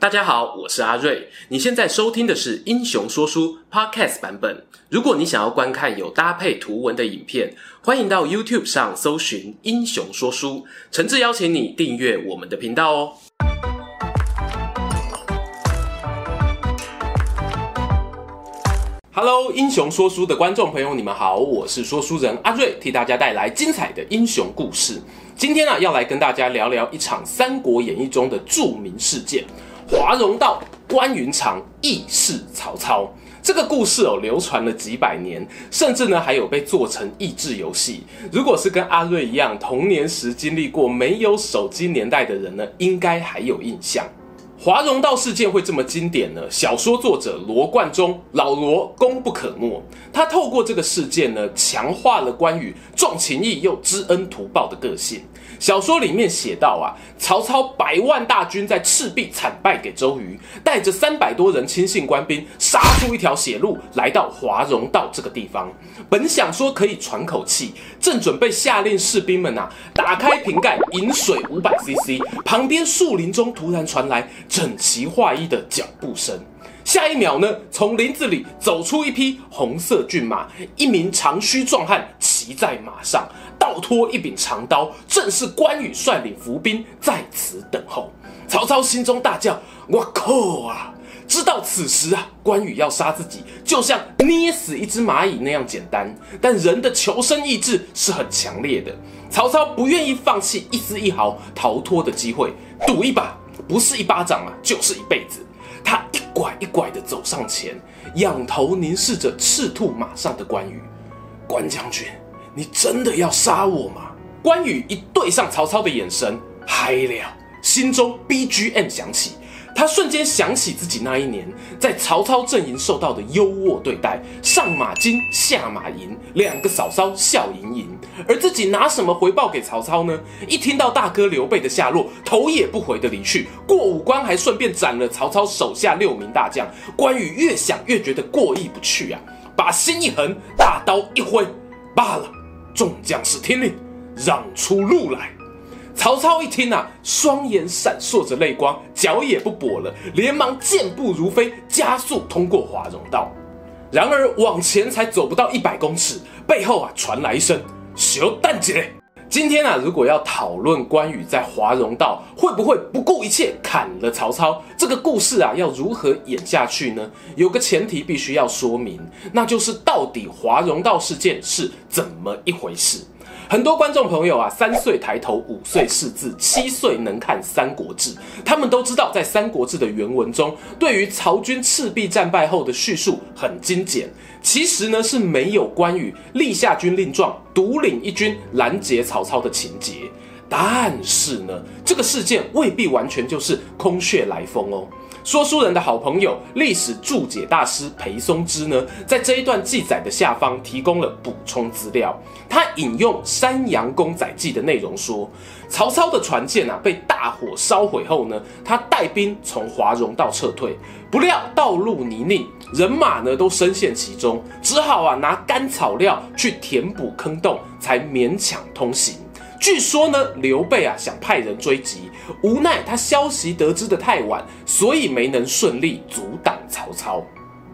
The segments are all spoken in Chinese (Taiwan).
大家好，我是阿瑞。你現在收聽的是《英雄說書》Podcast 版本。如果你想要觀看有搭配圖文的影片，歡迎到 YouTube 上搜尋《英雄說書》，誠摯邀請你訂閱我們的頻道哦。Hello，英雄說書的觀眾朋友，你們好，我是說書人阿瑞，替大家帶來精彩的英雄故事。今天啊，要來跟大家聊聊一場《三國演義》中的著名事件。華容道，關雲長義釋曹操，這個故事哦流傳了幾百年，甚至呢還有被做成益智遊戲。如果是跟阿睿一樣，童年時經歷過沒有手機年代的人呢，應該還有印象。華容道事件會這麼經典呢？小說作者羅貫中，老羅功不可沒。他透過這個事件呢，強化了關羽重情義又知恩圖報的個性。小說裡面寫到啊，曹操百萬大軍在赤壁慘敗給周瑜，帶着三百多人親信官兵，殺出一條血路來到華容道這個地方，本想說可以喘口氣，正準備下令士兵們啊，打開瓶蓋飲水五百 cc，旁邊樹林中突然傳來。整齊劃一的腳步聲，下一秒呢，從林子裡走出一匹紅色駿馬，一名長鬚壯漢騎在馬上，倒拖一柄長刀，正是關羽率領伏兵在此等候。曹操心中大叫：“我靠啊！”知道此時啊，關羽要殺自己，就像捏死一隻螞蟻那樣簡單。但人的求生意志是很強烈的，曹操不願意放棄一絲一毫逃脫的機會，賭一把。不是一巴掌啊，就是一輩子。他一拐一拐地走上前，仰頭凝視着赤兔馬上的關羽。關將軍，你真的要殺我嗎？關羽一對上曹操的眼神，嗨了，心中 BGM 響起。他瞬間想起自己那一年在曹操陣營受到的優渥對待，上馬金，下馬銀，兩個嫂嫂笑盈盈，而自己拿什麼回報給曹操呢？一聽到大哥劉備的下落，頭也不回的離去，過五關還順便斬了曹操手下六名大將。關羽越想越覺得過意不去啊，把心一橫，大刀一揮，罷了，眾將士聽令，讓出路來。曹操一聽啊，雙眼閃爍着淚光，腳也不跛了，連忙健步如飛，加速通過華容道。然而往前才走不到一百公尺，背後啊傳來一聲“小蛋姐”。今天啊，如果要討論關羽在華容道會不會不顧一切砍了曹操，這個故事啊要如何演下去呢？有個前提必須要說明，那就是到底華容道事件是怎麼一回事。很多觀眾朋友啊，三歲抬頭，五歲識字，七歲能看《三國志》。他們都知道，在《三國志》的原文中，對於曹軍赤壁戰敗後的敘述很精簡。其實呢，是沒有關羽立下軍令狀，獨領一軍攔截曹操的情節。但是呢，這個事件未必完全就是空穴來風哦。說書人的好朋友、歷史注解大師裴松之呢，在這一段記載的下方提供了補充資料。他引用《山陽公載記》的內容說，曹操的船艦啊，被大火燒毀後呢，他帶兵從華容道撤退，不料道路泥濘，人馬呢都深陷其中，只好啊拿乾草料去填補坑洞，才勉強通行。據說呢，劉備啊想派人追擊，無奈他消息得知得太晚，所以沒能順利阻擋曹操。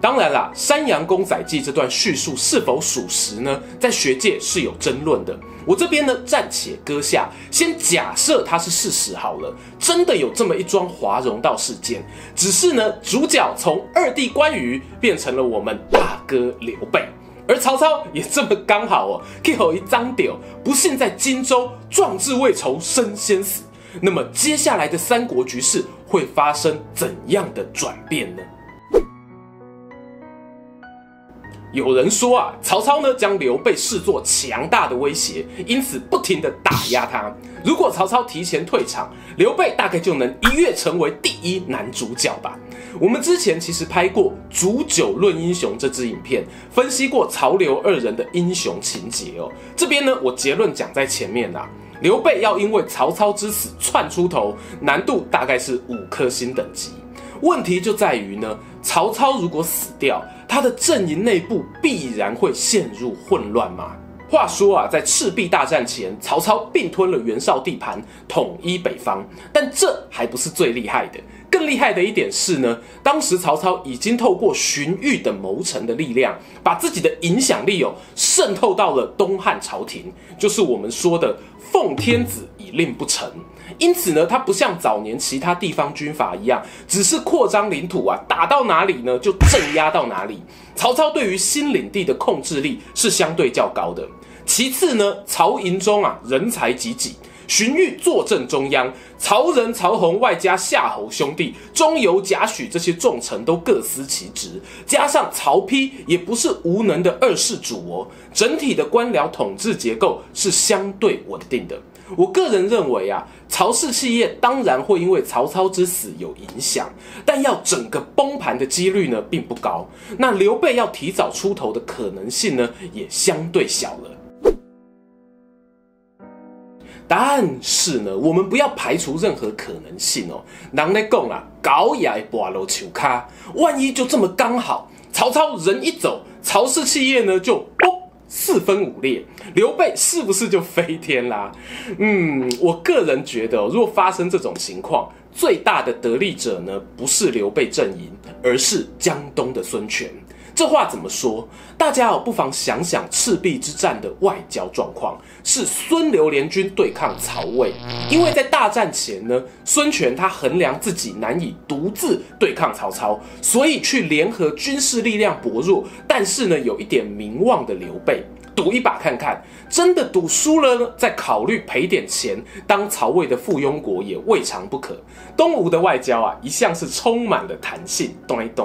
當然啦，《山陽公載記》這段敘述是否屬實呢？在學界是有爭論的。我這邊呢暫且擱下，先假設它是事實好了。真的有這麼一樁華容道事件，只是呢主角從二弟關羽變成了我們大哥劉備。而曹操也這麼剛好哦，k i 一張屌，不幸在荊州壯志未酬身先死。那麼接下來的三國局勢會發生怎樣的轉變呢？有人說啊，曹操呢，將劉備視作強大的威脅，因此不停的打壓他。如果曹操提前退場，劉備大概就能一躍成為第一男主角吧。我們之前其實拍過《煮酒論英雄》這支影片，分析過曹劉二人的英雄情節哦。這邊呢，我結論講在前面啦、啊。劉備要因為曹操之死串出頭，難度大概是五顆星等級。問題就在於呢，曹操如果死掉，他的陣營內部必然會陷入混亂嘛。話說啊，在赤壁大戰前，曹操併吞了袁紹地盤，統一北方，但這還不是最厲害的。更厲害的一點是呢，當時曹操已經透過荀彧的謀臣的力量，把自己的影響力哦滲透到了東漢朝廷，就是我們說的“奉天子以令不臣”。因此呢，他不像早年其他地方軍閥一樣，只是擴張領土啊，打到哪裡呢就鎮壓到哪裡。曹操對於新領地的控制力是相對較高的。其次呢，曹營中啊人才濟濟。荀彧坐鎮中央，曹仁、曹洪外加夏侯兄弟，鍾繇、賈詡這些重臣都各司其職，加上曹丕也不是無能的二世主哦，整體的官僚統治結構是相對穩定的。我個人認為啊，曹氏企業當然會因為曹操之死有影響，但要整個崩盤的幾率呢並不高。那劉備要提早出頭的可能性呢也相對小了。但是呢，我們不要排除任何可能性哦、喔。難得講啦，搞也系拔落求卡，萬一就這麼剛好，曹操人一走，曹氏企業呢就嘣、哦、四分五裂，劉備是不是就飛天啦？嗯，我個人覺得、喔，如果發生這種情況。最大的得利者呢，不是劉備陣營，而是江東的孫權。這話怎麼說？大家哦，不妨想想赤壁之戰的外交狀況，是孫劉聯軍對抗曹魏。因為在大戰前呢，孫權他衡量自己難以獨自對抗曹操，所以去聯合軍事力量薄弱，但是呢，有一點名望的劉備。賭一把看看，真的賭輸了呢，再考慮賠點錢，當曹魏的附庸國也未嘗不可。東吳的外交啊，一向是充滿了彈性。對對，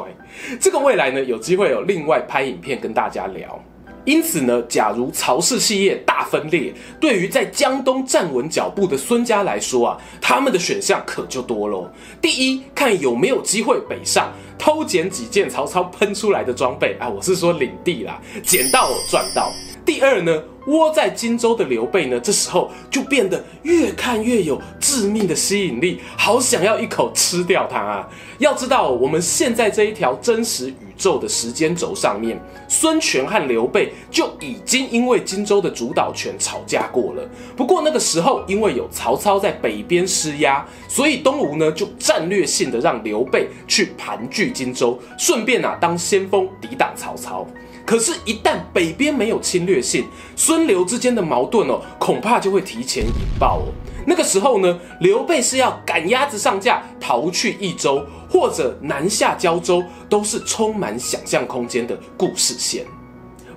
這個未來呢，有機會有另外拍影片跟大家聊。因此呢，假如曹氏企業大分裂，對於在江東站穩腳步的孫家來說啊，他們的選項可就多嘍。第一，看有沒有機會北上偷撿幾件曹操噴出來的裝備啊，我是說領地啦，撿到我賺到。第二呢，窩在荊州的劉備呢，這時候就變得越看越有致命的吸引力，好想要一口吃掉它啊！要知道，我們現在這一條真實宇宙的時間軸上面，孫權和劉備就已經因為荊州的主導權吵架過了。不過那個時候，因為有曹操在北邊施壓，所以東吳呢，就戰略性的讓劉備去盤踞荊州，順便啊，當先鋒抵擋曹操。可是，一旦北邊沒有侵略性，孫劉之間的矛盾哦，恐怕就會提前引爆哦。那個時候呢，劉備是要趕鴨子上架，逃去益州，或者南下交州，都是充滿想象空間的故事線。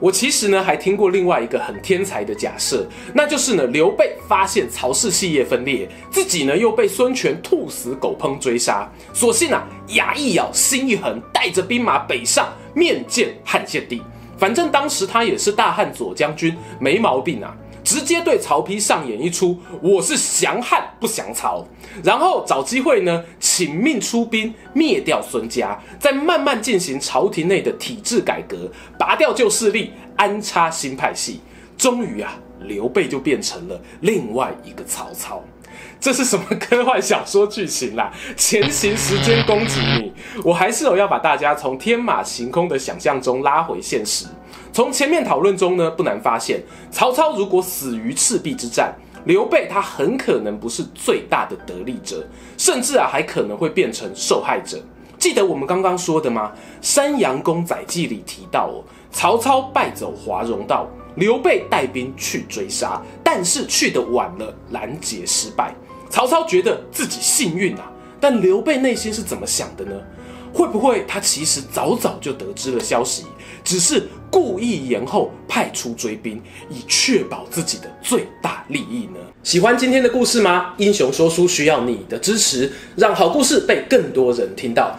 我其實呢還聽過另外一個很天才的假設，那就是呢劉備發現曹氏系業分裂，自己呢又被孫權兔死狗烹追殺，索性啊牙一咬心一橫，帶着兵馬北上面見漢獻帝。反正當時他也是大漢左將軍，沒毛病啊。直接對曹丕上演一出，我是降漢不降曹，然後找機會呢，請命出兵，滅掉孫家，再慢慢進行朝廷內的體制改革，拔掉舊勢力，安插新派系，終於啊，劉備就變成了另外一個曹操。這是什麼科幻小說劇情啦？前行時間攻擊你！我還是有要把大家從天馬行空的想象中拉回現實。從前面討論中呢，不難發現，曹操如果死於赤壁之戰，劉備他很可能不是最大的得利者，甚至啊還可能會變成受害者。記得我們剛剛說的嗎？《山陽公載記》裡提到哦，曹操敗走華容道。劉備帶兵去追殺，但是去得晚了，攔截失敗。曹操覺得自己幸運啊，但劉備內心是怎麼想的呢？會不會他其實早早就得知了消息，只是故意延後派出追兵，以確保自己的最大利益呢？喜歡今天的故事嗎？英雄說書需要你的支持，讓好故事被更多人聽到。